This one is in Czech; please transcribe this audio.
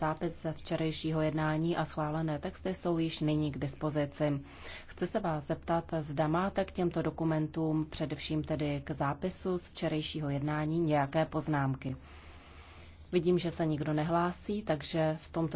Zápis ze včerejšího jednání a schválené texty jsou již nyní k dispozici. Chci se vás zeptat, zda máte k těmto dokumentům, především tedy k zápisu z včerejšího jednání, nějaké poznámky. Vidím, že se nikdo nehlásí, takže v tomto